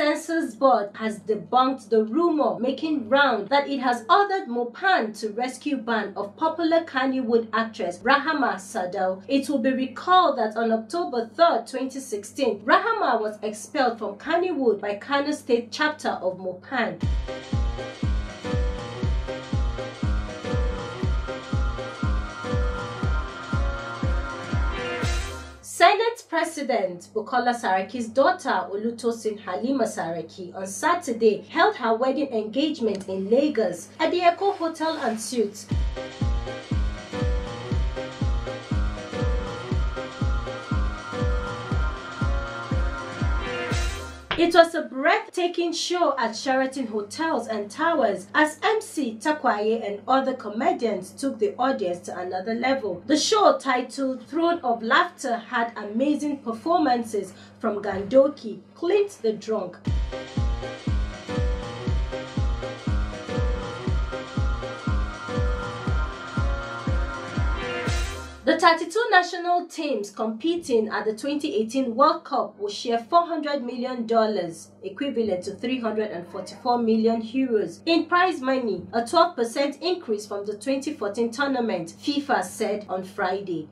Census Board has debunked the rumor making round that it has ordered Mopan to rescue ban of popular Kannywood actress Rahama Sadel. It will be recalled that on October 3, 2016, Rahama was expelled from Kannywood by Kano State chapter of Mopan. President Bukola Saraki's daughter Olutosin Halima Saraki on Saturday held her wedding engagement in Lagos at the Echo Hotel and Suites. It was a breathtaking show at Sheraton Hotels and Towers as MC Takwaye and other comedians took the audience to another level. The show titled Throne of Laughter had amazing performances from Gandoki, Clint the Drunk. The 32 national teams competing at the 2018 World Cup will share $400 million, equivalent to 344 million euros, in prize money, a 12% increase from the 2014 tournament, FIFA said on Friday.